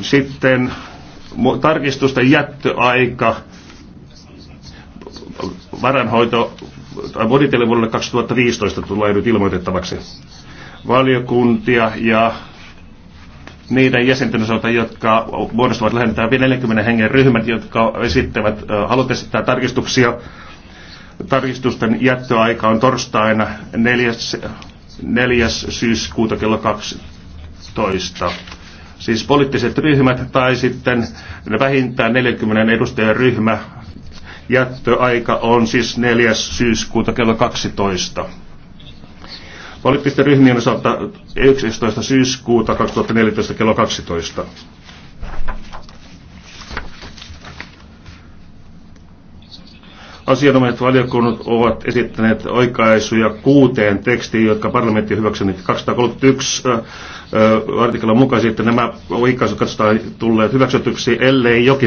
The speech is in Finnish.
Sitten tarkistusten jättöaika varanhoito budjetille vuodelle 2015 tulee nyt ilmoitettavaksi valiokuntia ja niiden jäsenten osalta, jotka muodostavat lähentää 40 hengen ryhmät, jotka esittävät, haluavat esittää tarkistuksia. Tarkistusten jättöaika on torstaina 4. syyskuuta kello 12 siis poliittiset ryhmät tai sitten vähintään 40 edustajan ryhmä. Jättöaika on siis 4. syyskuuta kello 12. Poliittisten ryhmien osalta 11. syyskuuta 2014 kello 12. Asianomaiset valiokunnat ovat esittäneet oikaisuja kuuteen tekstiin, jotka parlamentti hyväksyi 231 artiklan mukaisesti, että nämä oikaisut katsotaan tulleet hyväksytyksi, ellei jokin